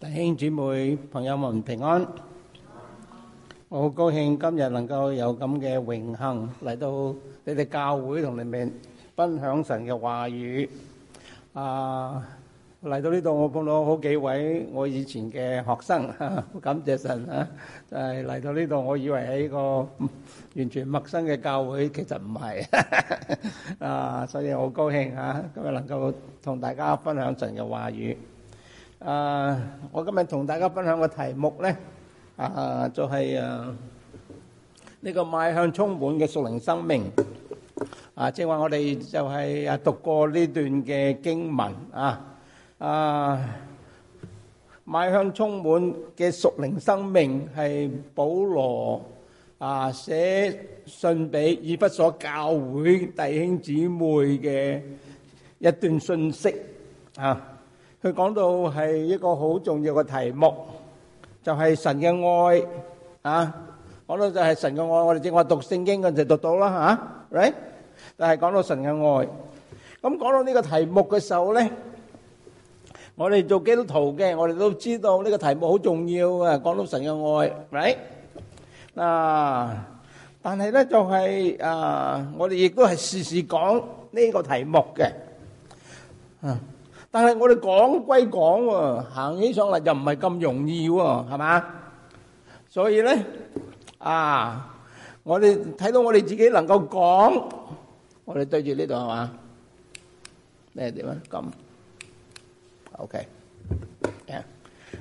弟兄姊妹、朋友們平安！我好高興今日能夠有咁嘅榮幸嚟到你哋教會同你哋分享神嘅話語。Uh, 嚟到呢度，我碰到好幾位我以前嘅學生， 感謝神啊。就係嚟到呢度，我以為係一個完全陌生嘅教會，其實唔係，uh, 所以好高興吓，今日能夠同大家分享神嘅話語。啊！我今日同大家分享嘅題目咧，啊，就係啊，呢個邁向充滿嘅屬靈生命。啊，正話我哋就係啊讀過呢段嘅經文啊，啊，邁向充滿嘅屬靈生命係保羅啊寫信俾以弗所教會弟兄姊妹嘅一段信息啊。佢講到係一個好重要嘅題目，就係神嘅愛啊！講到就係神嘅愛，我哋正話讀聖經陣就讀到啦吓，right？但係講到神嘅愛，咁講到呢個題目嘅時候咧，我哋做基督徒嘅，我哋都知道呢個題目好重要嘅，講到神嘅愛，right？嗱，但係咧就係啊，我哋亦都係時時講呢個題目嘅，嗯。但係我哋講歸講喎，行起上嚟，又唔係咁容易喎，係嘛？所以咧，啊，我哋睇到我哋自己能夠講，我哋對住呢度係嘛？咩點樣？咁 OK，yeah.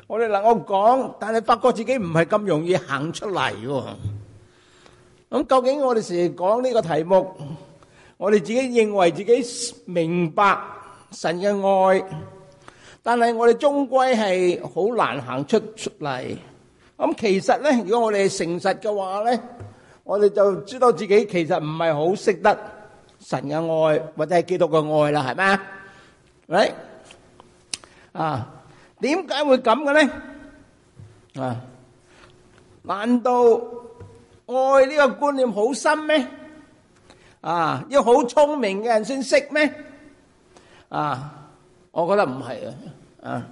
我哋能夠講，但係發覺自己唔係咁容易行出嚟喎。咁究竟我哋成日講呢個題目，我哋自己認為自己明白。神嘅愛，但係我哋終歸係好難行出出嚟。咁其實咧，如果我哋誠實嘅話咧，我哋就知道自己其實唔係好識得神嘅愛，或者係基督嘅愛啦，係咪啊？喂，啊，點解會咁嘅咧？啊，難道愛呢個觀念好深咩？啊，要好聰明嘅人先識咩？啊，我覺得唔係啊！啊，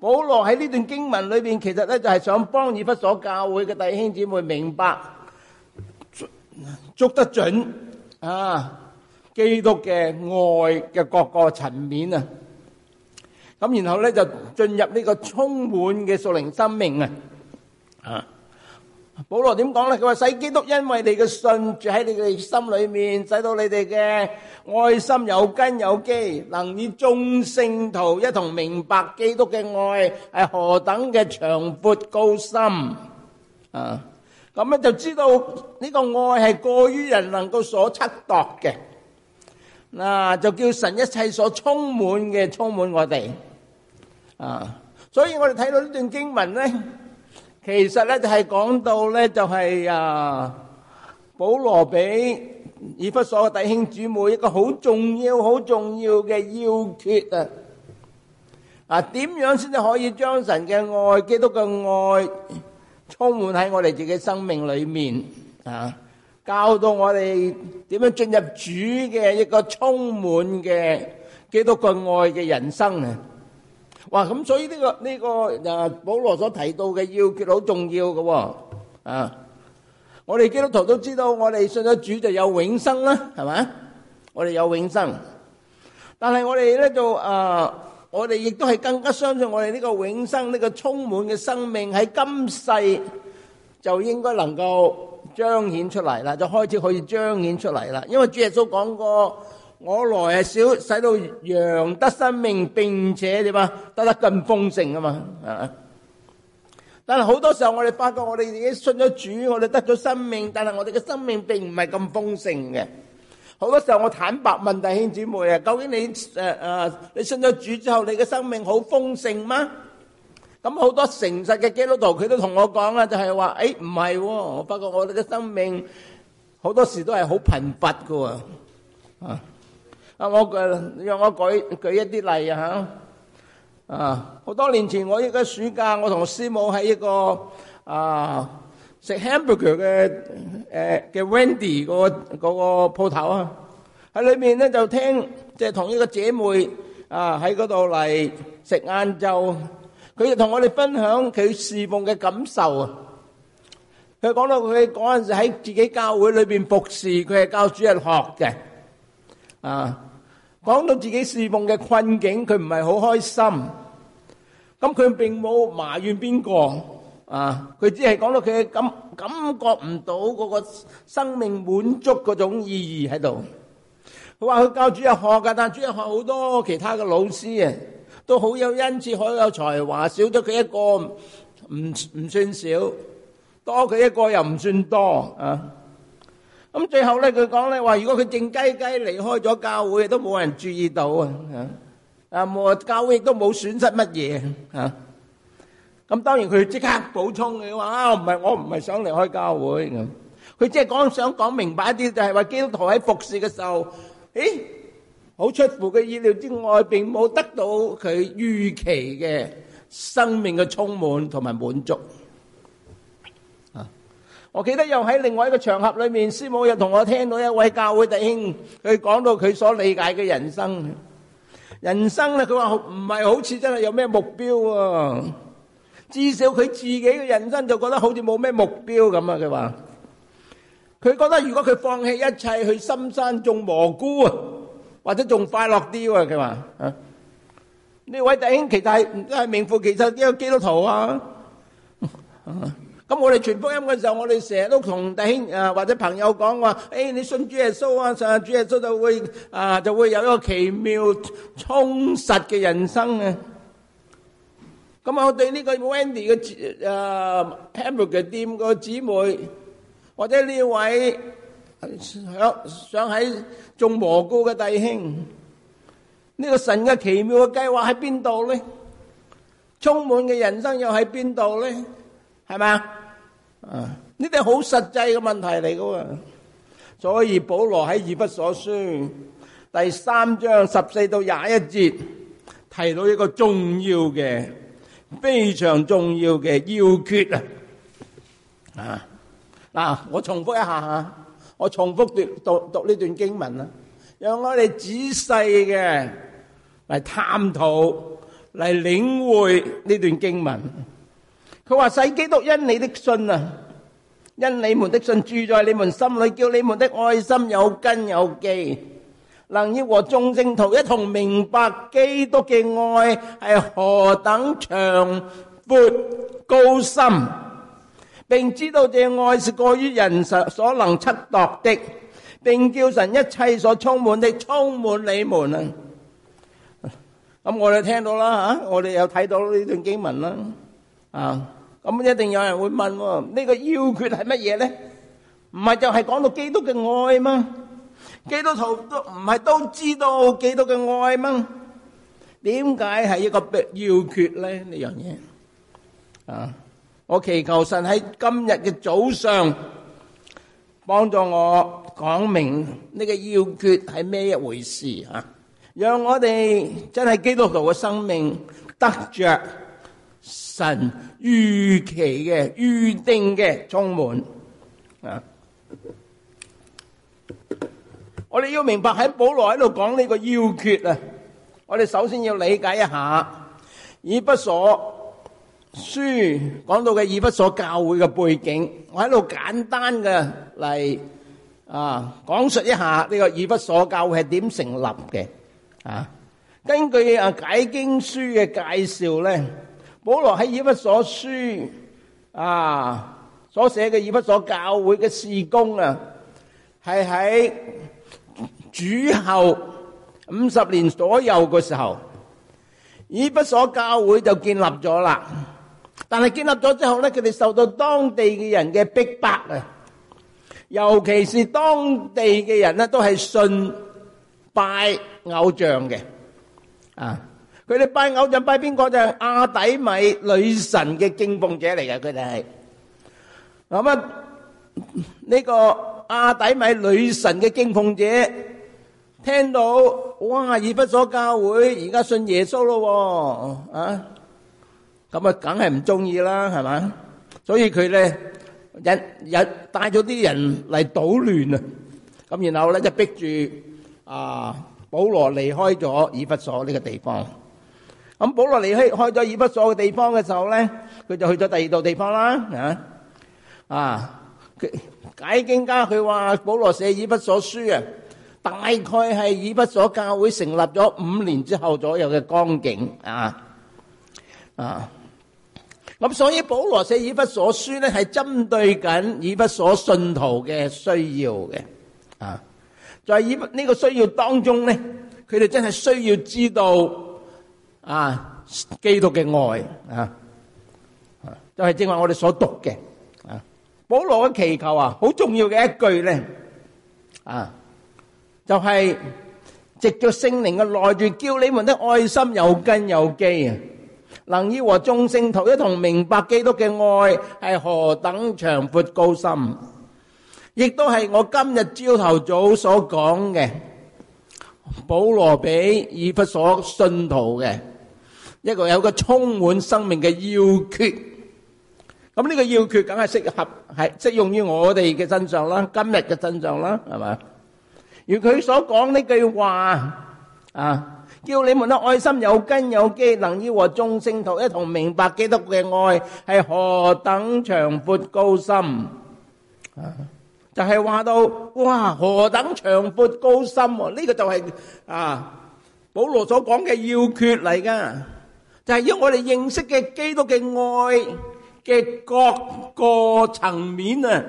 保羅喺呢段經文裏邊，其實咧就係想幫以弗所教會嘅弟兄姊妹明白捉，捉得準啊，基督嘅愛嘅各個層面啊，咁、啊、然後咧就進入呢個充滿嘅屬靈生命啊！啊！保羅，點講呢？佢話使基督，因為你嘅信住喺你嘅心裏面，使到你哋嘅愛心，有根，有基，能以眾聖徒，一同明白基督嘅愛，係何等嘅長闊高深？噉就知道，呢個愛係過於人能夠所測度嘅，就叫神一切所充滿嘅，充滿我哋。所以，我哋睇到呢段經文呢，其實咧就係講到咧就係啊保羅俾以弗所嘅弟兄姊妹一個好重要、好重要嘅要訣啊！啊點樣先至可以將神嘅愛、基督嘅愛充滿喺我哋自己生命裏面啊？教導我哋點樣進入主嘅一個充滿嘅基督嘅愛嘅人生啊！哇！咁所以呢、呢個呢、呢個啊保羅所提到嘅要訣好重要嘅喎、哦、啊！我哋基督徒都知道，我哋信咗主就有永生啦，係咪？我哋有永生，但係我哋咧就啊，我哋亦都係更加相信我哋呢個永生呢、呢個充滿嘅生命喺今世就應該能夠彰顯出嚟啦，就開始可以彰顯出嚟啦，因為主耶穌講過。我來係少，使到羊得生命，並且點啊，得得更豐盛啊嘛，但係好多時候我哋發覺，我哋自己信咗主，我哋得咗生命，但係我哋嘅生命並唔係咁豐盛嘅。好多時候我坦白問弟兄姊妹啊，究竟你誒誒、呃，你信咗主之後，你嘅生命好豐盛嗎？咁好多誠實嘅基督徒，佢都同我講啦，就係、是、話，誒唔係，哦、我發覺我哋嘅生命好多時都係好貧乏噶，啊！啊！我舉，讓我舉舉一啲例啊嚇。啊，好多年前我一個暑假，我同師母喺一個啊食 hamburger 嘅誒嘅 Wendy 個嗰個鋪頭啊，喺裏面咧就聽，即係同一個姐妹啊喺嗰度嚟食晏晝，佢就同我哋分享佢侍奉嘅感受啊。佢講到佢嗰陣時喺自己教會裏邊服侍，佢係教主日學嘅啊。講到自己侍奉嘅困境，佢唔係好開心。咁佢並冇埋怨邊個啊。佢只係講到佢感感覺唔到嗰個生命滿足嗰種意義喺度。佢話佢教主日學㗎，但係主日學好多其他嘅老師啊，都好有恩賜，好有才華。少咗佢一個唔唔算少，多佢一個又唔算多啊。咁最後咧，佢講咧話：如果佢靜雞雞離開咗教會，都冇人注意到啊！啊，冇教會亦都冇損失乜嘢啊！咁當然佢即刻補充佢話：啊，唔係我唔係想離開教會咁。佢即係講想講明白一啲，就係話基督徒喺服事嘅時候，誒好出乎佢意料之外，並冇得到佢預期嘅生命嘅充滿同埋滿足。我記得又另外一個場合裡面，師母又同我聽到一位教會弟兄，佢講到佢所理解嘅人生。人生呢，佢話唔係好似真係有咩目標喎，至少佢自己嘅人生就覺得好似冇咩目標噉呀。佢話佢覺得如果佢放棄一切去深山種蘑菇呀，或者仲快樂啲呀。佢話，呢位弟兄其實係真係名副其實一個基督徒呀。 咁我哋傳福音嘅時候，我哋成日都同弟兄啊或者朋友講話，誒，你信主耶穌啊，信主耶穌就會啊，就會有一個奇妙充實嘅人生啊！咁我對呢個 Wendy 嘅誒 Temple 嘅店個姊妹，或者呢位想想喺種蘑菇嘅弟兄，呢個神嘅奇妙嘅計劃喺邊度咧？充滿嘅人生又喺邊度咧？係咪？啊，呢啲好實際嘅問題嚟㗎，所以保羅喺以弗所書第三章十四到廿一節提到一個重要嘅、非常重要嘅要訣啊！啊，嗱，我重複一下吓，我重複讀讀讀呢段經文啦，讓我哋仔細嘅嚟探討、嚟領會呢段經文。佢話使基督因你的信啊，因你們的信住在你們心裏，叫你們的愛心有根有基，能以和眾聖徒一同明白基督嘅愛係何等長闊高深，並知道這愛是過於人實所能測度的，並叫神一切所充滿的充滿你們啊！咁我哋聽到啦吓，我哋又睇到呢段經文啦啊！咁一定有人會問喎，呢個要訣係乜嘢咧？唔係就係講到基督嘅愛嗎？基督徒都唔係都知道基督嘅愛嗎？點解係一個要訣咧？呢樣嘢啊！我祈求神喺今日嘅早上幫助我講明呢個要訣係咩一回事啊！讓我哋真係基督徒嘅生命得着。神預期嘅、預定嘅充滿啊！我哋要明白喺保羅喺度講呢個要訣啊！我哋首先要理解一下以弗所書講到嘅以弗所教會嘅背景。我喺度簡單嘅嚟啊，講述一下呢、這個以弗所教會係點成立嘅啊。根據啊解經書嘅介紹咧。保羅喺以弗所書啊，所寫嘅以弗所教會嘅事工啊，係喺主後五十年左右嘅時候，以弗所教會就建立咗啦。但係建立咗之後咧，佢哋受到當地嘅人嘅逼迫啊，尤其是當地嘅人咧，都係信拜偶像嘅啊。佢哋拜偶像拜，拜邊個就係阿底米女神嘅敬奉者嚟嘅。佢哋係咁啊，呢個阿底米女神嘅敬奉者聽到哇，以弗所教會而家信耶穌咯，啊咁啊，梗係唔中意啦，係嘛？所以佢咧日日帶咗啲人嚟搗亂啊！咁然後咧就逼住啊，保羅離開咗以弗所呢個地方。咁保羅離開開咗以弗所嘅地方嘅時候咧，佢就去咗第二度地方啦。啊啊，解經家佢話保羅寫以弗所書啊，大概係以弗所教會成立咗五年之後左右嘅光景啊啊。咁、啊、所以保羅寫以弗所書咧，係針對緊以弗所信徒嘅需要嘅啊。在以呢個需要當中咧，佢哋真係需要知道。啊！基督嘅愛啊，就係正話我哋所讀嘅啊。保羅嘅祈求啊，好重要嘅一句咧啊，就係藉着聖靈嘅內住，叫你們的愛心有根有基啊，能以和眾聖徒一同明白基督嘅愛係何等長闊高深，亦都係我今日朝頭早所講嘅保羅俾以弗所信徒嘅。一個有個充滿生命嘅要訣，咁呢個要訣梗係適合係適用於我哋嘅身上啦，今日嘅身上啦，係咪？而佢所講呢句話啊，叫你們嘅愛心有根有基，能以和眾聖徒一同明白基督嘅愛係何等長闊高深啊！就係話到哇，何等長闊高深啊！呢個就係啊保羅所講嘅要訣嚟㗎。就係因我哋認識嘅基督嘅愛嘅各個層面啊，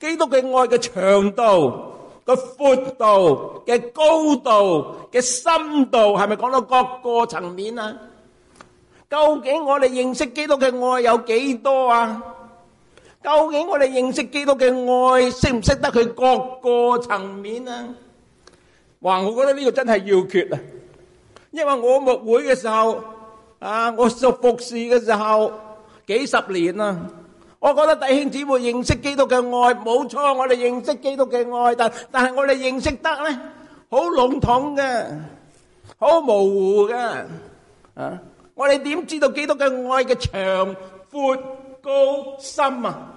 基督嘅愛嘅長度、個闊度、嘅高度、嘅深度，係咪講到各個層面啊？究竟我哋認識基督嘅愛有幾多啊？究竟我哋認識基督嘅愛識唔識得佢各個層面啊？哇！我覺得呢個真係要訣啊，因為我牧會嘅時候。啊！我做服侍嘅時候幾十年啦，我覺得弟兄姊妹認識基督嘅愛冇錯，我哋認識基督嘅愛，但但係我哋認識得咧，好籠統嘅，好模糊嘅，啊！我哋點知道基督嘅愛嘅長闊高深啊？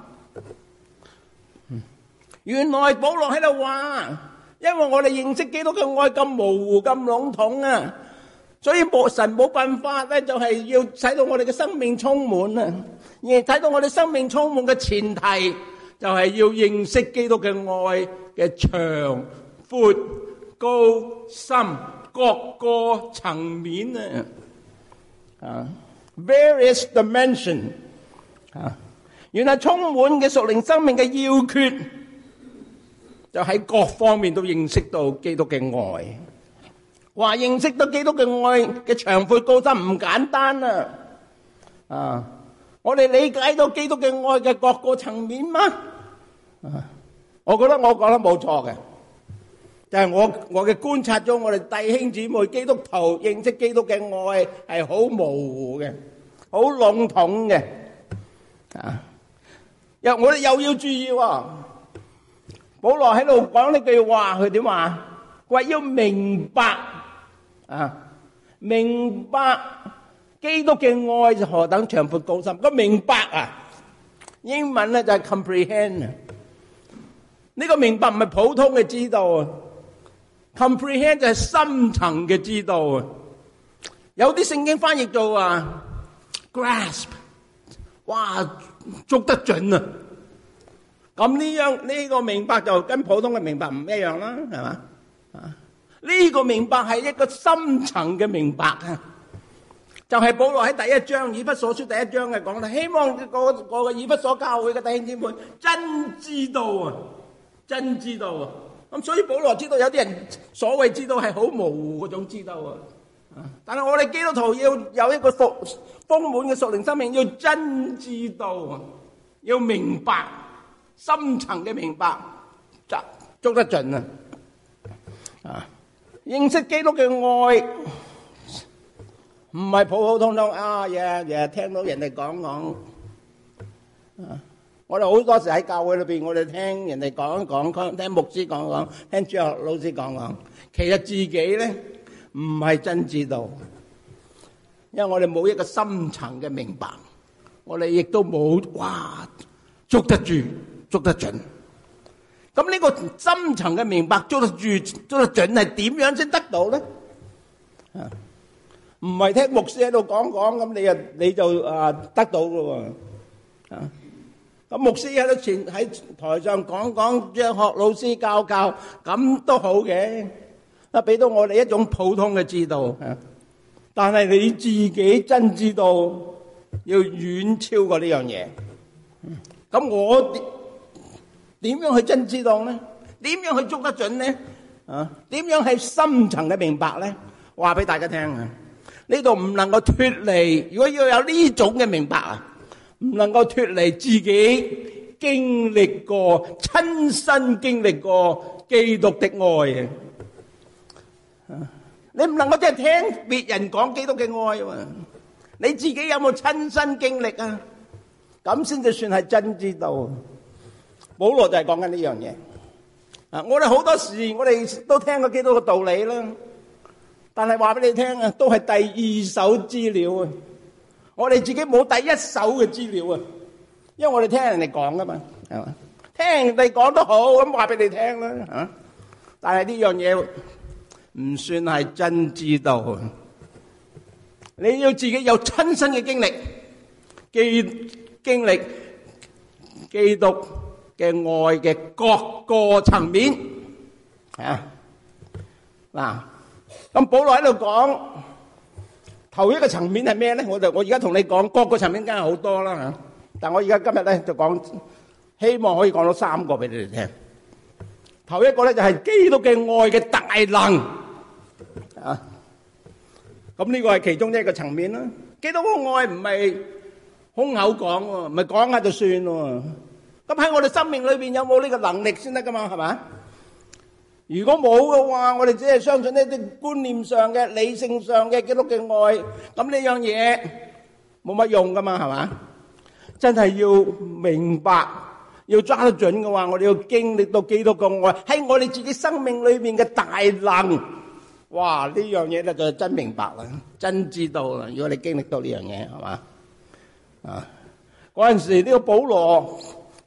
原來保羅喺度話，因為我哋認識基督嘅愛咁模糊、咁籠統啊！所以，莫神冇辦法咧，就係、是、要使到我哋嘅生命充滿啊！而睇到我哋生命充滿嘅前提，就係、是、要認識基督嘅愛嘅長、闊、高、深各個層面啊！啊、uh,，various dimension 啊、uh,，原來充滿嘅屬靈生命嘅要訣，就喺各方面都認識到基督嘅愛。話認識到基督嘅愛嘅長闊高深唔簡單啊！啊，我哋理解到基督嘅愛嘅各個層面嗎？啊，我覺得我講得冇錯嘅，就係我我嘅觀察咗我哋弟兄姊妹基督徒認識基督嘅愛係好模糊嘅，好籠統嘅啊！又我哋又要注意喎、啊，保羅喺度講呢句話，佢點話？佢話要明白。啊，明白基督嘅愛就何等長闊高深，個明白啊，英文呢就係 comprehend, 呢個明白唔係普通嘅知道啊，comprehend 就係深層嘅知道啊，有啲聖經翻譯做啊，grasp, 哇，捉得準啊，噉呢樣呢個明白就跟普通嘅明白唔一樣啦，係咪？呢個明白係一個深層嘅明白啊！就係保羅喺第一章以弗所書第一章嘅講啦，希望我我嘅以弗所教會嘅弟兄姊妹真知道啊，真知道啊！咁所以保羅知道有啲人所謂知道係好模糊嗰種知道啊，啊！但係我哋基督徒要有一個豐豐滿嘅屬靈生命，要真知道啊，要明白深層嘅明白，抓捉得準啊，啊！認識基督嘅愛，唔係普普通通啊！日日，聽到人哋講講，我哋好多時喺教會裏邊，我哋聽人哋講講，聽牧師講講，聽主學老師講講，其實自己呢唔係真知道，因為我哋冇一個深層嘅明白，我哋亦都冇話捉得住，捉得準。咁呢個深層嘅明白，捉得住，捉得準係點樣先得到咧？啊，唔係聽牧師喺度講講，咁你啊你就啊得到嘅喎。啊，咁牧師喺度前喺台上講講，將學老師教教，咁都好嘅，啊俾到我哋一種普通嘅知道。啊，但係你自己真知道，要遠超過呢樣嘢。咁我。點樣去真知道呢？點樣去捉得準呢？啊，點樣係深層嘅明白呢？話俾大家聽啊！呢度唔能夠脫離，如果要有呢種嘅明白啊，唔能夠脫離自己經歷過、親身經歷過基督的愛啊！你唔能夠淨係聽別人講基督嘅愛啊！你自己有冇親身經歷啊？咁先就算係真知道。好咯，就係講緊呢樣嘢啊！我哋好多時，我哋都聽過幾多個道理啦，但係話俾你聽啊，都係第二手資料啊。我哋自己冇第一手嘅資料啊，因為我哋聽人哋講噶嘛，係嘛？聽人哋講都好咁話俾你聽啦，嚇。但係呢樣嘢唔算係真知道，你要自己有親身嘅經歷、記經歷、基督嘅愛嘅各個層面，係啊嗱，咁保羅喺度講頭一個層面係咩咧？我就我而家同你講各個層面梗係好多啦吓，但我而家今日咧就講，希望可以講到三個俾你哋聽。頭一個咧就係基督嘅愛嘅大能啊，咁呢個係其中一個層面啦。基督嘅愛唔係空口講喎，唔係講下就算喎。咁喺我哋生命裏邊有冇呢個能力先得噶嘛？係嘛？如果冇嘅話，我哋只係相信呢啲觀念上嘅、理性上嘅基督嘅愛，咁呢樣嘢冇乜用噶嘛？係嘛？真係要明白，要抓得準嘅話，我哋要經歷到基督嘅愛喺我哋自己生命裏邊嘅大能。哇！呢樣嘢咧就真明白啦，真知道啦。如果你經歷到呢樣嘢，係嘛啊？嗰陣時呢個保羅。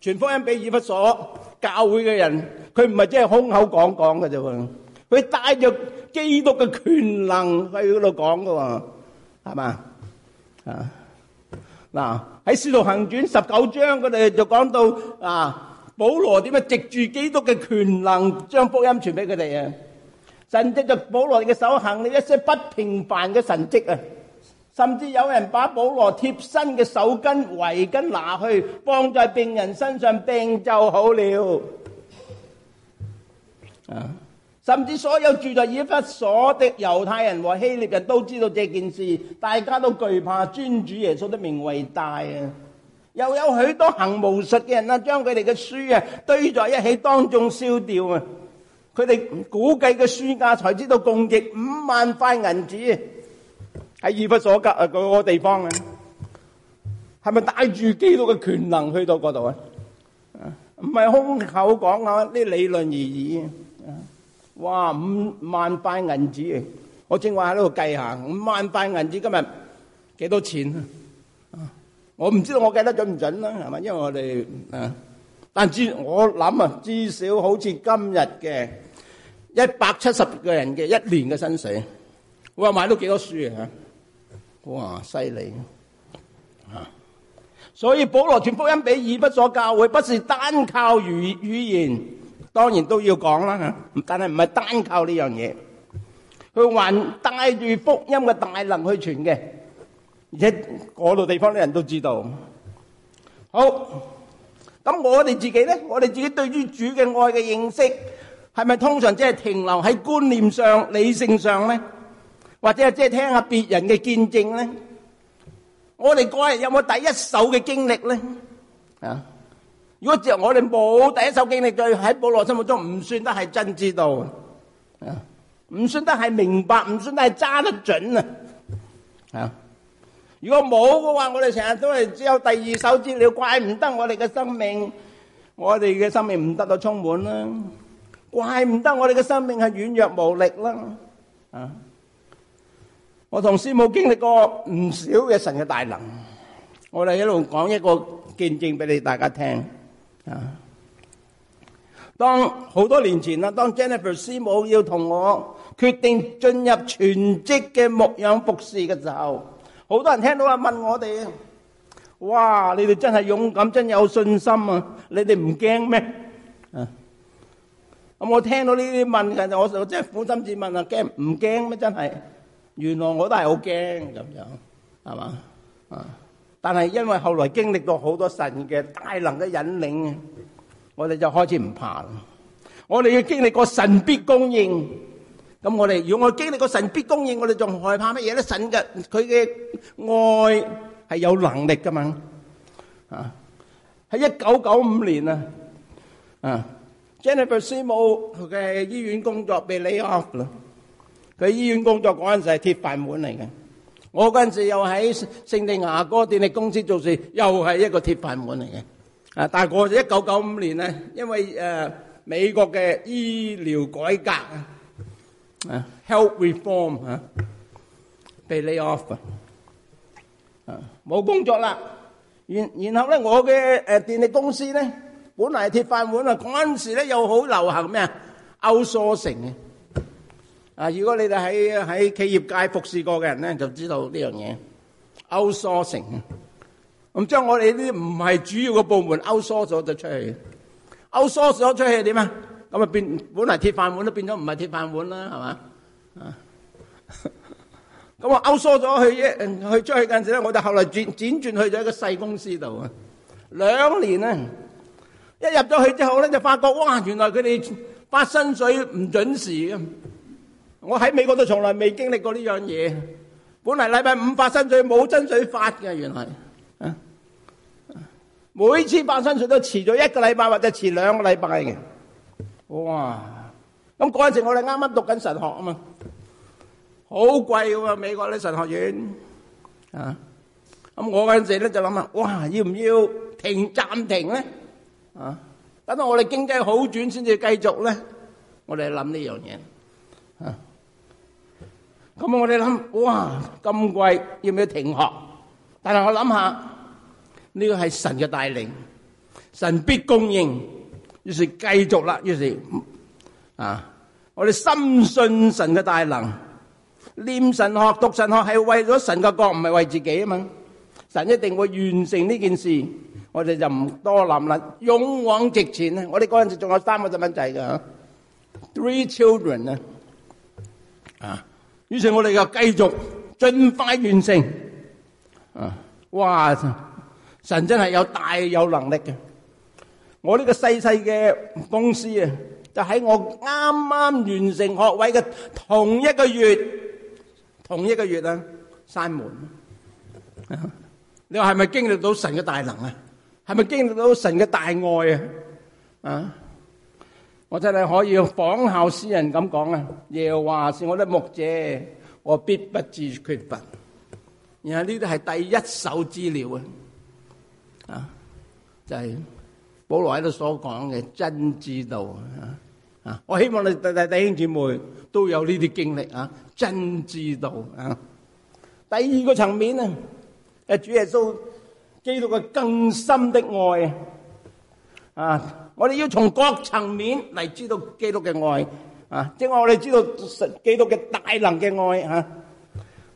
傳福音俾以弗所教會嘅人，佢唔係真係空口講講嘅啫喎，佢帶着基督嘅權能去嗰度講嘅喎，係嘛啊？嗱喺使徒行傳十九章，佢哋就講到啊，保羅點樣藉住基督嘅權能，將福音傳俾佢哋啊！神借咗保羅嘅手行你一些不平凡嘅神迹啊！甚至有人把保羅貼身嘅手巾圍巾拿去放在病人身上，病就好了。 甚至所有住在以弗所的猶太人和希臘人都知道這件事，大家都懼怕尊主耶穌的名為大啊！又有許多行無術嘅人啊，將佢哋嘅書啊堆在一起當眾燒掉，當眾燒掉啊！佢哋估計嘅書價，才知道共值五萬塊銀紙。喺義不所及啊！嗰個地方啊，係咪帶住基督嘅權能去到嗰度啊？唔係空口講下啲理論而已，啊。哇！五萬塊銀紙，我正話喺度計下，五萬塊銀紙今日幾多錢啊？啊我唔知道我計得準唔準啦，啊，係咪？因為我哋啊，但至我諗啊，至少好似今日嘅一百七十個人嘅一年嘅薪水，哇！買到幾多書啊？哇！犀利啊！所以保羅傳福音俾以弗所教會，不是單靠語語言，當然都要講啦吓，但係唔係單靠呢樣嘢，佢還帶住福音嘅大能去傳嘅，而且嗰度地方啲人都知道。好，咁我哋自己呢，我哋自己對於主嘅愛嘅認識，係咪通常只係停留喺觀念上、理性上呢？或者即係聽下別人嘅見證咧，我哋個人有冇第一手嘅經歷咧？啊，如果只係我哋冇第一手經歷，對喺保羅心目中唔算得係真知道，啊，唔算得係明白，唔算得係揸得準啊！啊，如果冇嘅話，我哋成日都係只有第二手資料，怪唔得我哋嘅生命，我哋嘅生命唔得到充滿啦，怪唔得我哋嘅生命係軟弱無力啦，啊！我同師母經歷過唔少嘅神嘅大能，我哋一路講一個見證俾你大家聽啊！當好多年前啦，當 Jennifer 師母要同我決定進入全職嘅牧養服侍嘅時候，好多人聽到啊問我哋：哇！你哋真係勇敢，真有信心啊！你哋唔驚咩？啊！咁我聽到呢啲問，其實我我真係苦心自問啊，驚唔驚咩？真係。原來我都係好驚咁樣，係嘛啊？但係因為後來經歷過好多神嘅大能嘅引領，我哋就開始唔怕啦。我哋要經歷過神必供應，咁我哋如果我經歷過神必供應，我哋仲害怕乜嘢咧？神嘅佢嘅愛係有能力噶嘛？啊，喺一九九五年啊，啊，Jennifer 師母嘅醫院工作被 lay off 啦。，佢醫院工作嗰陣時係鐵飯碗嚟嘅。我嗰陣時又喺聖地牙哥電力公司做事，又係一個鐵飯碗嚟嘅。啊，但係過咗一九九五年咧，因為、呃、美國嘅醫療改革啊，health reform 啊，被 lay off 啊，冇工作啦，然後，然後咧，我嘅電力公司咧，本嚟係鐵飯碗，嗰陣時咧，又好流行，啊！如果你哋喺喺企業界服侍過嘅人咧，就知道呢樣嘢 outsourcing。咁將我哋啲唔係主要嘅部門 outsource 咗就出去。outsourcing 出去點啊？咁啊變本嚟鐵飯碗都變咗唔係鐵飯碗啦，係嘛？啊、 嗯！咁啊 outsource 咗去去出去嗰時時咧，我就後來轉轉，轉去咗一個細公司度啊。兩年啊，一入咗去之後咧，就發覺哇，原來佢哋發薪水唔準時我喺美國都從來未經歷過呢樣嘢，本嚟禮拜五發薪水冇薪水發嘅。原來，每次發薪水都遲咗一個禮拜或者遲兩個禮拜嘅，哇！咁嗰陣時我哋啱啱讀緊神學啊嘛，好貴嘅喎美國啲神學院，啊！咁我嗰陣時咧就諗啊，哇！要唔要停暫停咧？啊！等到我哋經濟好轉先至繼續咧，我哋諗呢樣嘢。咁我哋諗，哇咁貴，要唔要停學？但係我諗下，呢個係神嘅帶領，神必供應，於是繼續啦，於是啊，我哋深信神嘅大能，念神學、讀神學係為咗神嘅國，唔係為自己啊嘛！神一定會完成呢件事，我哋就唔多諗啦，勇往直前啊！我哋嗰陣時仲有三個細蚊仔噶，three children 啊，啊！於是，我哋就繼續盡快完成。啊！哇！神真係有大有能力嘅。我呢個細細嘅公司啊，就喺我啱啱完成學位嘅同一個月，同一個月啊，閂門。你話係咪經歷到神嘅大能啊？係咪經歷到神嘅大愛啊？啊！我真係可以仿效詩人咁講啊！耶華是我的牧者，我必不至缺乏。然後呢啲係第一手資料啊！啊，就係保羅喺度所講嘅真知道啊！啊，我希望你弟弟弟兄姊妹都有呢啲經歷啊！真知道啊！第二個層面啊，係主耶穌基督嘅更深的愛啊！我哋要從各層面嚟知道基督嘅愛啊，即係我哋知道基督嘅大能嘅愛吓。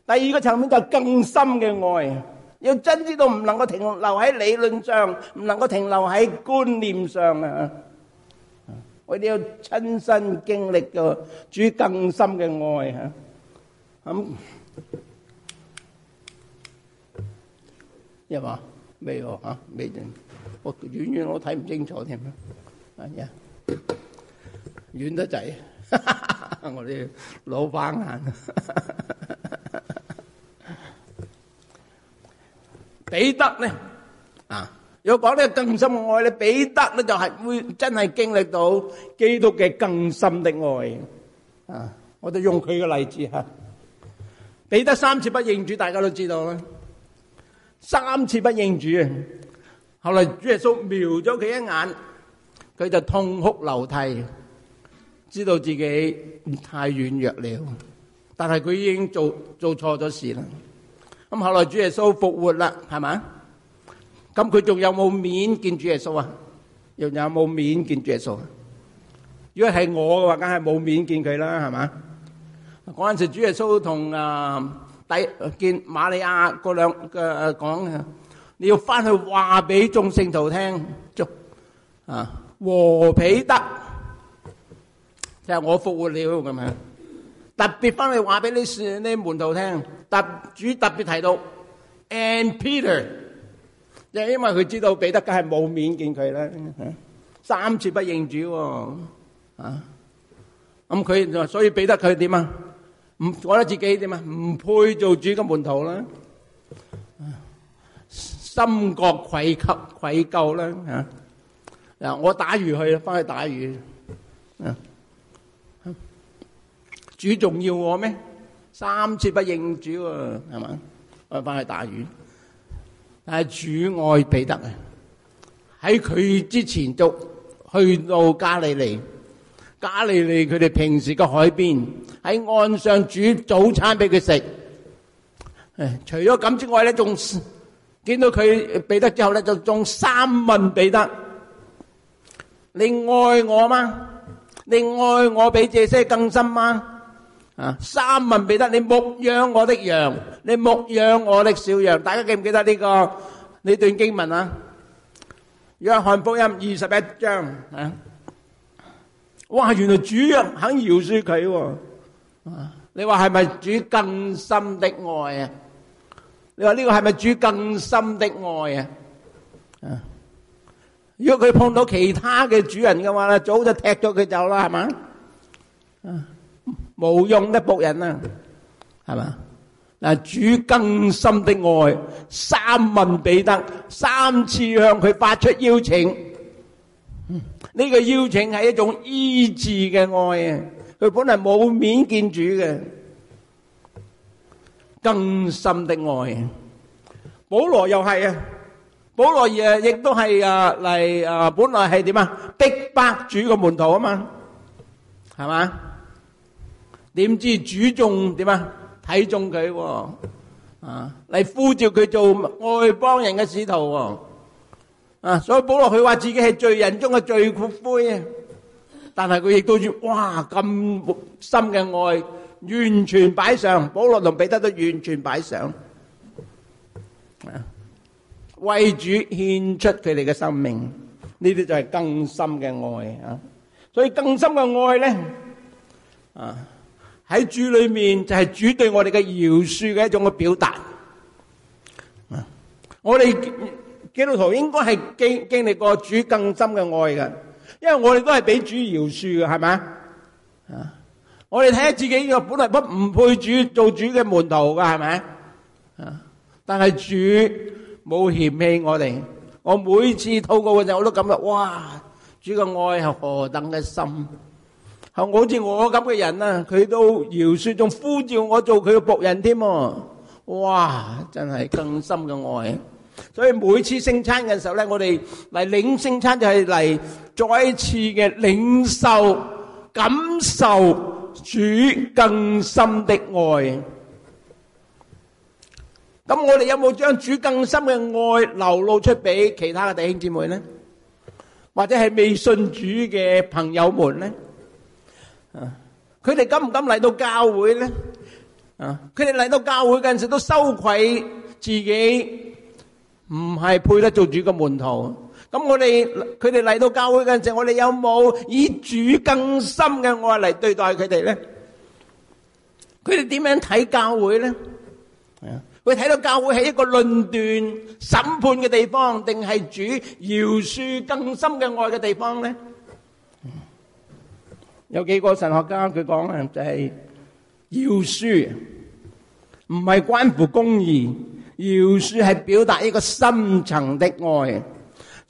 第二個層面就係更深嘅愛，要真知道唔能夠停留喺理論上，唔能夠停留喺觀念上啊。我哋要親身經歷個主更深嘅愛吓。咁，有冇啊？咩啊？吓，未定。我遠遠我睇唔清楚添啊！遠得滯，我哋老花眼。彼得咧啊，要講呢個更深嘅愛咧，彼得咧就係會真係經歷到基督嘅更深的愛啊！我哋用佢嘅例子啊，彼得三次不認主，大家都知道啦，三次不認主啊！後來主耶穌瞄咗佢一眼，佢就痛哭流涕，知道自己太軟弱了。但係佢已經做做錯咗事啦。咁後來主耶穌復活啦，係咪？咁佢仲有冇面見主耶穌啊？又有冇面見主耶穌？如果係我嘅話，梗係冇面見佢啦，係咪？嗰陣時主耶穌同啊第見瑪利亞嗰兩個講。你要翻去話俾眾聖徒聽，就啊和彼得，就係我復活了咁啊！特別翻去話俾呢呢門徒聽，主特別提到，And Peter，就係因為佢知道彼得梗係冇面見佢啦，三次不認主，啊，咁佢所以彼得佢點啊？唔覺得自己點啊？唔配做主嘅門徒啦。心覺愧疚愧疚啦嚇！嗱，我打魚去啦，翻去打魚。嗯，主仲要我咩？三次不認主喎，係嘛？我翻去打魚。但係主愛彼得啊！喺佢之前就去到加利利，加利利佢哋平時嘅海邊喺岸上煮早餐俾佢食。誒，除咗咁之外咧，仲～見到佢彼得之後咧，就中三文彼得。你愛我嗎？你愛我比這些更深嗎？啊，三文彼得，你牧養我的羊，你牧養我的小羊。大家記唔記得呢個呢段經文啊？約翰福音二十一章啊。哇，原來主若肯饒恕佢，你話係咪主更深的愛啊？你話呢個係咪主更深的愛啊？如果佢碰到其他嘅主人嘅話咧，早就踢咗佢走啦，係嘛？啊，冇用嘅僕人啊，係嘛？嗱，主更深的愛，三問彼得，三次向佢發出邀請。呢個邀請係一種醫治嘅愛啊！佢本嚟冇面見主嘅。更深的愛，保羅又係啊，保羅也亦都係啊嚟啊，本來係點啊，逼迫主嘅門徒啊嘛，係嘛？點知主仲點啊？睇中佢啊，嚟呼召佢做外邦人嘅使徒啊！所以保羅佢話自己係罪人中嘅罪魁啊，但係佢亦都話哇咁深嘅愛。完全擺上，保羅同彼得都完全擺上，為主獻出佢哋嘅生命，呢啲就係更深嘅愛。所以更深嘅愛呢，喺主裏面就係主對我哋嘅饒恕嘅一種嘅表達，我哋基督徒應該係經歷過主更深嘅愛嘅，因為我哋都係俾主饒恕嘅，係咪？我哋睇下自己個本來不唔配主做主嘅門徒㗎係咪？啊！但係主冇嫌棄我哋。我每次禱告嘅時候，我都感覺哇！主嘅愛係何等嘅深，係我好似我咁嘅人啊！佢都饒恕，仲呼召我做佢嘅僕人添喎！哇！真係更深嘅愛。所以每次聖餐嘅時候咧，我哋嚟領聖餐就係嚟再次嘅領受感受。主更深的愛，咁我哋有冇將主更深嘅愛流露出俾其他嘅弟兄姊妹呢？或者係未信主嘅朋友們呢？啊，佢哋敢唔敢嚟到教會呢？啊，佢哋嚟到教會嗰陣時都羞愧自己，唔係配得做主嘅門徒。咁我哋佢哋嚟到教會嗰陣時，我哋有冇以主更深嘅愛嚟對待佢哋咧？佢哋點樣睇教會咧？係啊，佢睇到教會係一個論斷、審判嘅地方，定係主饒恕更深嘅愛嘅地方咧？有幾個神學家佢講啊，就係饒恕，唔係關乎公義，饒恕係表達一個深層的愛。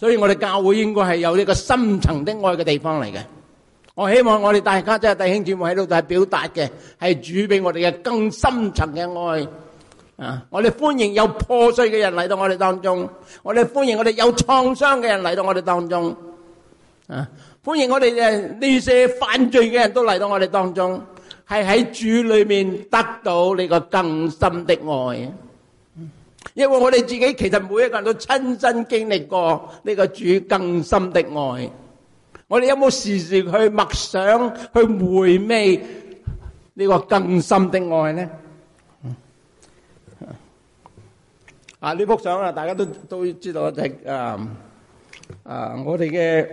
所以我哋教會應該係有呢個深層的愛嘅地方嚟嘅。我希望我哋大家即係弟兄姊妹喺度係表達嘅，係主俾我哋嘅更深層嘅愛啊！我哋歡迎有破碎嘅人嚟到我哋當中，我哋歡迎我哋有創傷嘅人嚟到我哋當中啊！歡迎我哋嘅呢些犯罪嘅人都嚟到我哋當中，係喺主裏面得到呢個更深的愛因為我哋自己其實每一個人都親身經歷過呢個主更深的愛，我哋有冇時時去默想、去回味呢個更深的愛呢？啊，呢幅相啊，大家都都知道，就係啊啊，我哋嘅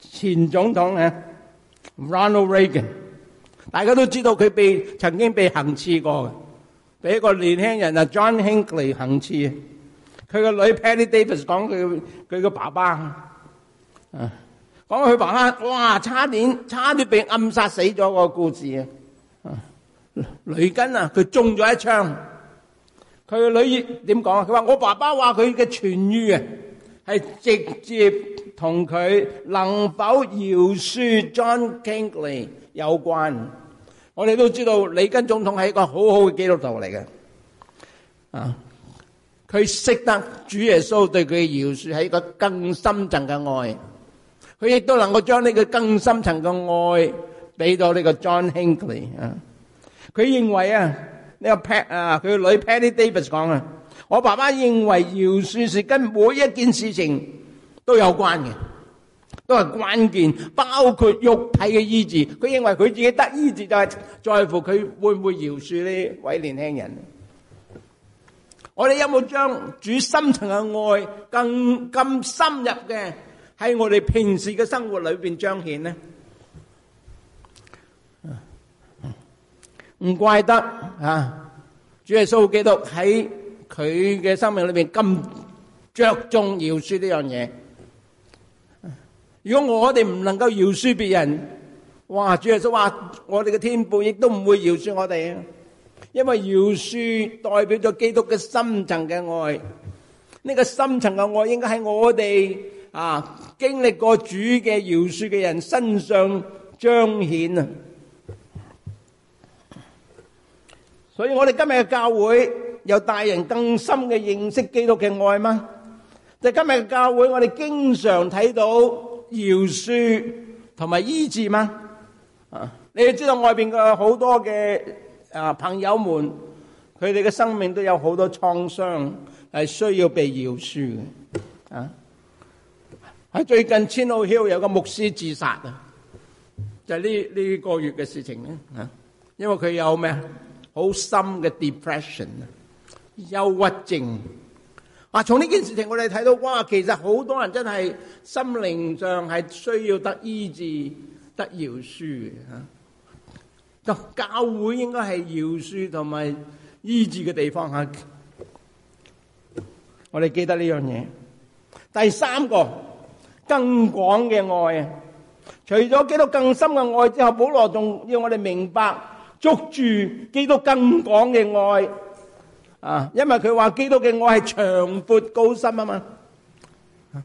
前總統咧，Ronald Reagan，大家都知道佢被曾經被行刺過嘅。俾一個年輕人啊，John Hinckley 行刺，佢個女 Patti Davis 講佢佢個爸爸，啊，講佢爸爸，哇，差點差啲被暗殺死咗個故事啊，啊，雷根啊，佢中咗一槍，佢個女點講啊？佢話我爸爸話佢嘅痊癒啊，係直接同佢能否饒恕 John Hinckley 有關。我哋都知道，里根總統係一個好好嘅基督徒嚟嘅，啊，佢識得主耶穌對佢嘅饒恕係一個更深層嘅愛，佢亦都能夠將呢個更深層嘅愛俾到呢個 John Hinckley 啊，佢認為啊，呢個 Pat 啊，佢個女 Patty Davis 講啊，我爸爸認為饒恕是跟每一件事情都有關嘅。都係關鍵，包括肉體嘅醫治。佢認為佢自己得醫治就係在乎佢會唔會饒恕呢位年輕人。我哋有冇將主深層嘅愛更咁深入嘅喺我哋平時嘅生活裏邊彰顯呢？唔怪得啊！主耶穌基督喺佢嘅生命裏邊咁着重饒恕呢樣嘢。如果我哋唔能夠饒恕別人，哇！主耶穌話：我哋嘅天父亦都唔會饒恕我哋啊！因為饒恕代表咗基督嘅深層嘅愛，呢個深層嘅愛應該喺我哋啊經歷過主嘅饒恕嘅人身上彰顯啊！所以我哋今日嘅教會有帶人更深嘅認識基督嘅愛嗎？就係今日嘅教會，我哋經常睇到。饒恕同埋醫治嗎？啊，你知道外邊嘅好多嘅啊朋友們，佢哋嘅生命都有好多創傷，係需要被饒恕嘅。啊，係最近 Chino Hills 有一個牧師自殺啊，就呢、係、呢個月嘅事情咧。啊，因為佢有咩啊，好深嘅 depression 啊，憂鬱症。啊！從呢件事情我哋睇到，哇！其實好多人真係心靈上係需要得醫治、得饒恕嘅吓。就教會應該係饒恕同埋醫治嘅地方吓。我哋記得呢樣嘢。第三個更廣嘅愛，除咗基督更深嘅愛之後，保羅仲要我哋明白捉住基督更廣嘅愛。啊，因為佢話基督嘅愛係長闊高深啊嘛，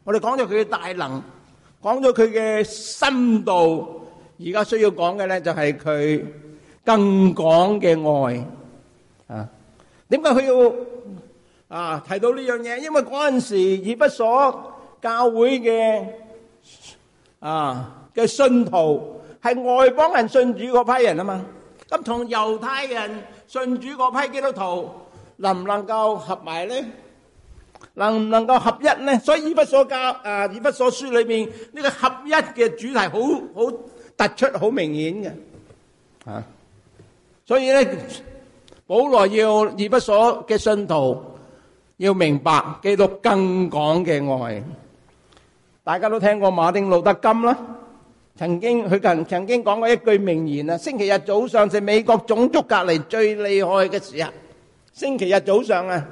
我哋講咗佢嘅大能，講咗佢嘅深度，而家需要講嘅咧就係佢更廣嘅愛啊。點解佢要啊提到呢樣嘢？因為嗰陣時以弗所教會嘅啊嘅信徒係外邦人信主嗰批人啊嘛，咁同猶太人信主嗰批基督徒。能唔能夠合埋咧？能唔能夠合一咧？所以《以弗所教》啊，《以弗所書》裏面呢個合一嘅主題，好好突出，好明顯嘅啊！所以咧，保羅要《以弗所》嘅信徒要明白基督更廣嘅愛。大家都聽過馬丁路德金啦，曾經佢近曾經講過一句名言啊：星期日早上是美國種族隔離最厲害嘅時日。星期日早上啊，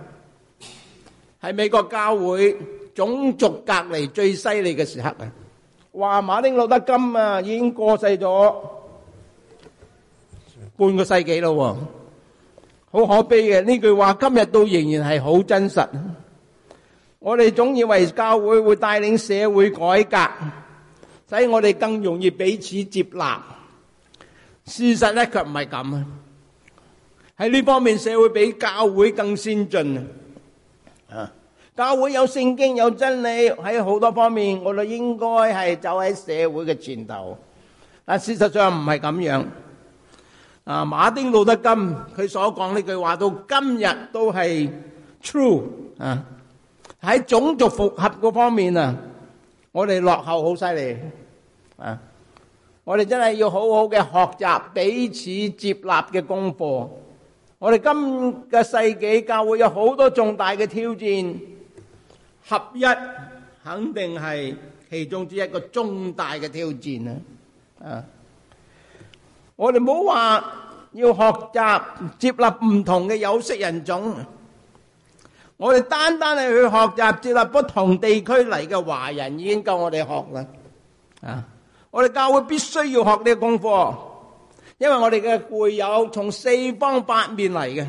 係美國教會種族隔離最犀利嘅時刻啊！話馬丁路德金啊，已經過世咗半個世紀咯啊，好可悲嘅。呢句話今日都仍然係好真實。我哋總以為教會會帶領社會改革，使我哋更容易彼此接納。事實咧，卻唔係咁啊！喺呢方面，社會比教會更先進啊！教會有聖經有真理，喺好多方面，我哋應該係走喺社會嘅前頭。但事實上唔係咁樣啊！馬丁路德金佢所講呢句話到今日都係 true 啊！喺種族復合嗰方面啊，我哋落後好犀利啊！我哋真係要好好嘅學習彼此接納嘅功課。我哋今個世紀教會有好多重大嘅挑戰，合一肯定是其中之一個重大嘅挑戰啊我哋唔好話要學習接納唔同嘅有色人種，我哋單單係去學習接納不同地區嚟嘅華人已經夠我哋學了啊，我哋教會必須要學這個功課。因為我哋嘅會友從四方八面嚟嘅，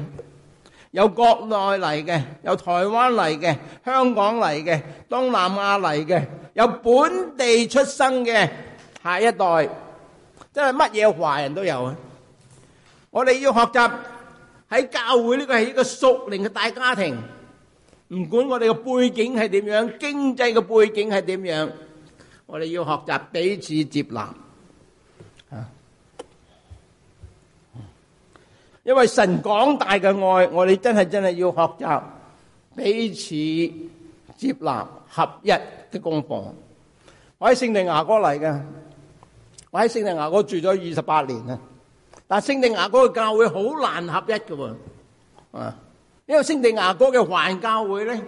有國內嚟嘅，有台灣嚟嘅，香港嚟嘅，東南亞嚟嘅，有本地出生嘅下一代，真係乜嘢華人都有啊！我哋要學習喺教會呢個係一個屬靈嘅大家庭，唔管我哋嘅背景係點樣，經濟嘅背景係點樣，我哋要學習彼此接納。因為神廣大嘅愛，我哋真係真係要學習彼此接納合一的功課。我喺聖地牙哥嚟嘅，我喺聖地牙哥住咗二十八年啊！但聖地牙哥嘅教會好難合一㗎喎，啊！因為聖地牙哥嘅環教會咧，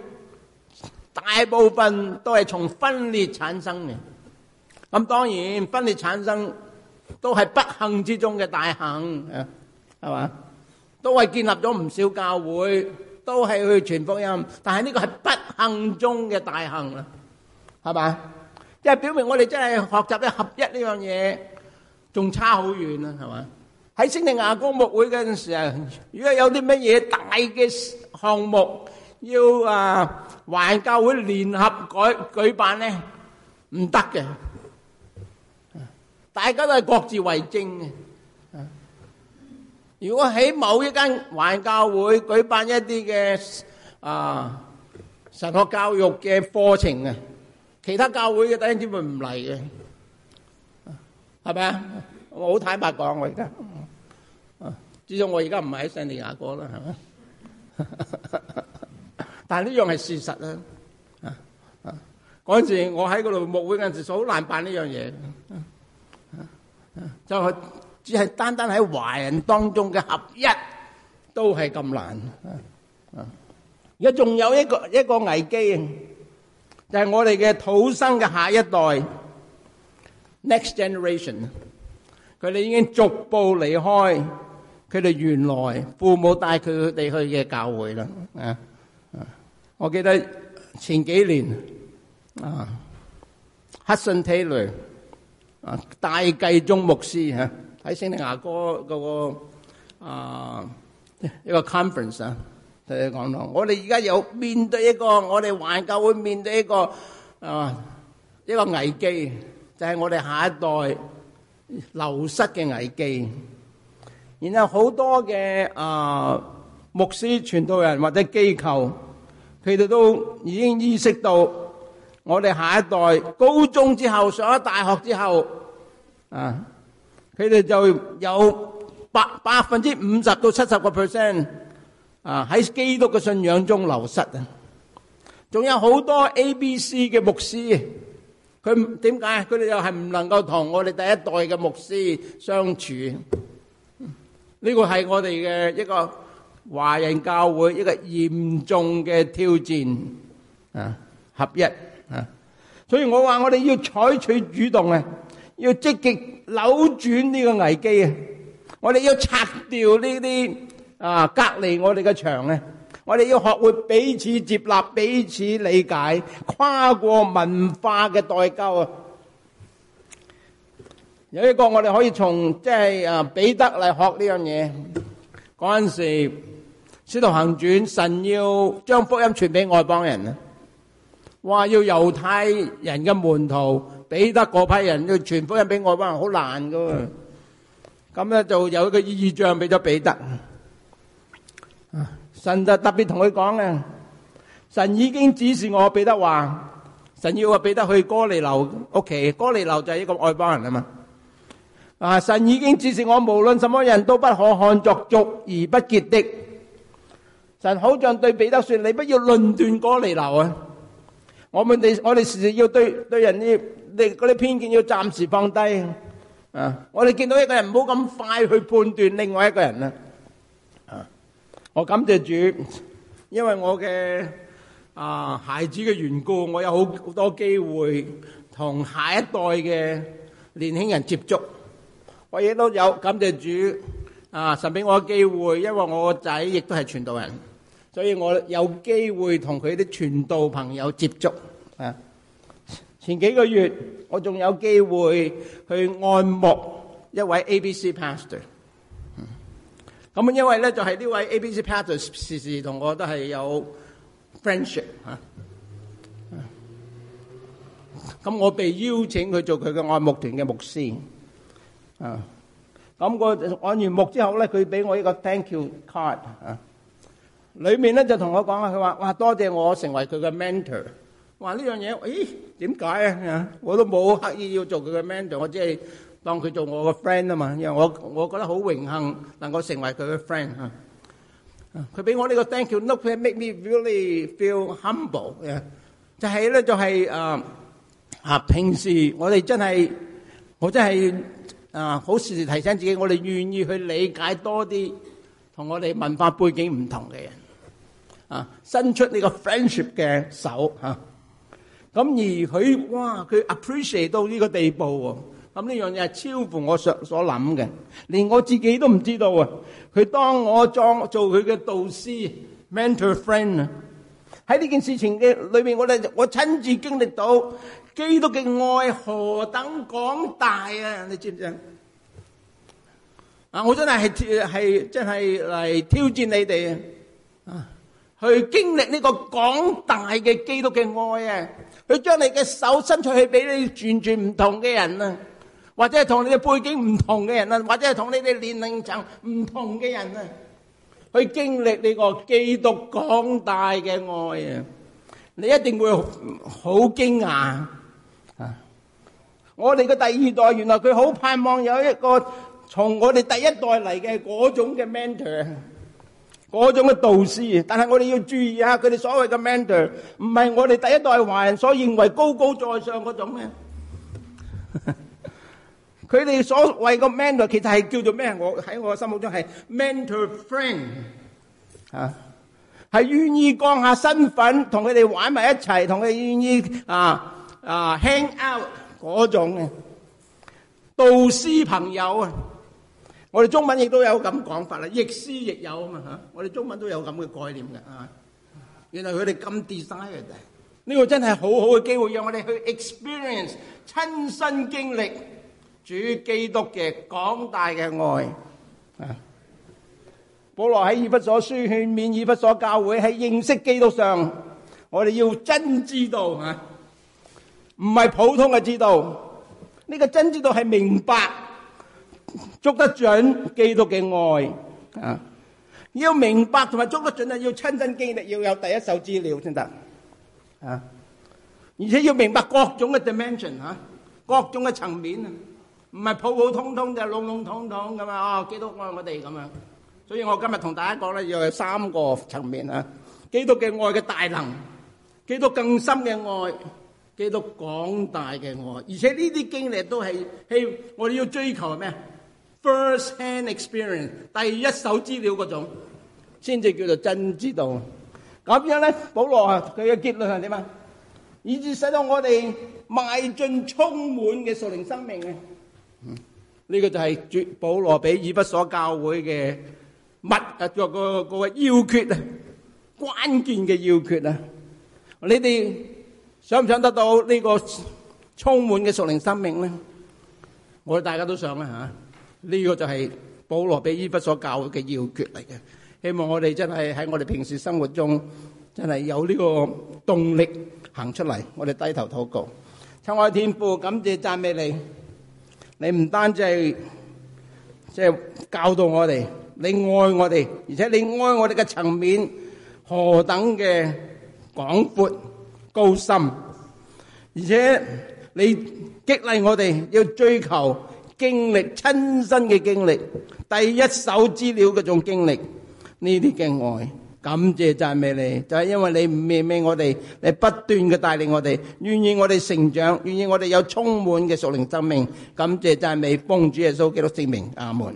大部分都係從分裂產生嘅。咁當然分裂產生都係不幸之中嘅大幸啊！係嘛？都係建立咗唔少教會，都係去傳福音。但係呢個係不幸中嘅大幸啦，係嘛？即係表明我哋真係學習嘅合一呢樣嘢，仲差好遠啊，係嘛？喺聖靈亞公牧會嗰陣時候，如果有啲乜嘢大嘅項目要啊，環教會聯合舉舉辦咧，唔得嘅，大家都係各自為政嘅。如果喺某一間環教會舉辦一啲嘅啊神學教育嘅課程啊，其他教會嘅弟兄姊妹會唔嚟嘅，係咪啊？我好坦白講，我而家，啊，至少我而家唔係喺聖地亞哥啦，係咪？但係呢樣係事實啦。嗰陣我喺嗰度牧會嗰陣時，好難辦呢樣嘢。就去。只係單單喺華人當中嘅合一都係咁難啊！而家仲有一個一個危機，就係我哋嘅土生嘅下一代 （next generation） 佢哋已經逐步離開佢哋原來父母帶佢哋去嘅教會啦。啊啊！我記得前幾年啊，Hudson Taylor 啊，戴繼宗牧師嚇。喺聖地牙哥嗰、那個啊一個 conference 啊，同你講到我哋而家有面對一個，我哋環夠會面對一個啊一個危機，就係、是、我哋下一代流失嘅危機。然後好多嘅啊牧師、傳道人或者機構，佢哋都已經意識到，我哋下一代高中之後上咗大學之後啊。佢哋就有百百分之五十到七十個 percent 啊，喺基督嘅信仰中流失啊，仲有好多 ABC 嘅牧師，佢點解？佢哋又係唔能夠同我哋第一代嘅牧師相處？呢個係我哋嘅一個華人教會一個嚴重嘅挑戰啊！合一啊！所以我話我哋要採取主動啊！要積極扭轉呢個危機啊！我哋要拆掉呢啲啊隔離我哋嘅牆咧，我哋要學會彼此接納、彼此理解，跨過文化嘅代溝啊！有一個我哋可以從即係、就是、啊彼得嚟學呢樣嘢嗰陣時，《使徒行傳》，神要將福音傳俾外邦人啊！話要猶太人嘅門徒。彼得嗰批人，要全福音俾外邦人好難噶，咁咧就有一個異象俾咗彼得。神就特別同佢講啊，神已經指示我彼得話，神要我彼得去哥尼流屋企，哥尼流就係一個外邦人啊嘛。啊，神已經指示我，無論什麼人都不可看作俗而不潔的。神好像對彼得說：你不要論斷哥尼流啊。我們哋我哋時時要對對人啲。你嗰啲偏見要暫時放低啊！我哋見到一個人，唔好咁快去判斷另外一個人啊，我感謝主，因為我嘅啊孩子嘅緣故，我有好好多機會同下一代嘅年輕人接觸。我亦都有感謝主啊，神俾我嘅機會，因為我個仔亦都係傳道人，所以我有機會同佢啲傳道朋友接觸啊。前幾個月，我仲有機會去按牧一位 ABC pastor。咁啊，因為咧就係呢位 ABC pastor 時時同我都係有 friendship 嚇。咁我被邀請去做佢嘅按牧團嘅牧師啊。咁我按完牧之後咧，佢俾我一個 thank you card 啊。裏面咧就同我講啦，佢話：哇，多謝我成為佢嘅 mentor。話呢樣嘢，誒點解啊？我都冇刻意要做佢嘅 mentor，我只係當佢做我個 friend 啊嘛。因為我我覺得好榮幸能夠成為佢嘅 friend 嚇。佢俾我呢個 thank you look make me really feel humble 嘅，就係咧就係誒啊！平時我哋真係我真係誒好時時提醒自己，我哋願意去理解多啲同我哋文化背景唔同嘅人啊，伸出呢個 friendship 嘅手嚇。咁而佢哇，佢 appreciate 到呢個地步喎。咁呢樣嘢係超乎我所所諗嘅，連我自己都唔知道啊。佢當我做做佢嘅導師 mentor friend 啊，喺呢件事情嘅裏面，我哋我親自經歷到基督嘅愛何等廣大啊！你知唔知啊？啊，我真係係係真係嚟挑戰你哋啊，去經歷呢個廣大嘅基督嘅愛啊！佢將你嘅手伸出去俾你，轉轉唔同嘅人啊，或者係同你嘅背景唔同嘅人啊，或者係同你哋年齡層唔同嘅人啊，去經歷呢個基督廣大嘅愛啊，你一定會好驚訝啊！我哋嘅第二代原來佢好盼望有一個從我哋第一代嚟嘅嗰種嘅 mentor。嗰種嘅導師，但係我哋要注意下佢哋所謂嘅 mentor，唔係我哋第一代華人所認為高高在上嗰種咩？佢哋所謂嘅 mentor 其實係叫做咩？我喺我心目中係 mentor friend 啊，係願意降下身份同佢哋玩埋一齊，同佢哋願意啊啊 hang out 嗰種嘅導師朋友啊。我哋中文亦都有咁講法啦，亦師亦友嘛，我哋中文都有咁嘅概念嘅。原來佢哋咁 desire 嘅，呢個真係好好嘅機會讓我哋去 experience 親身經歷，主基督嘅廣大嘅愛。捉得準基督嘅愛啊，要明白同埋捉得準啊，要親身經歷，要有第一手資料先得啊。而且要明白各種嘅 dimension 吓，各種嘅層面，唔係普普通通就係籠籠統統咁樣啊。基督愛我哋咁樣，所以我今日同大家講咧，要有三個層面啊。基督嘅愛嘅大能，基督更深嘅愛，基督廣大嘅愛，而且呢啲經歷都係希我哋要追求係咩啊？First hand experience, 第一手資料嗰種先至叫做真知道。噉樣呢，保羅佢嘅結論係點呀？以致使到我哋邁進充滿嘅屬靈生命。嗯，呢個就係保羅俾以弗所教會嘅秘訣，嗰個要訣，關鍵嘅要訣。你哋想唔想得到呢個充滿嘅屬靈生命呢？我哋大家都想呀吓。呢個就係保羅俾以弗所教嘅要訣嚟嘅，希望我哋真係喺我哋平時生活中，真係有呢個動力行出嚟。我哋低頭禱告，親愛天父，感謝讚美你。你唔單止即係教導我哋，你愛我哋，而且你愛我哋嘅層面何等嘅廣闊高深，而且你激勵我哋要追求。經歷親身嘅經歷，第一手資料嗰種經歷呢啲嘅愛，感謝讚美你，就係、是、因為你美美我哋，你不斷嘅帶領我哋，願意我哋成長，願意我哋有充滿嘅屬靈生命，感謝讚美奉主耶穌基督聖名，阿門。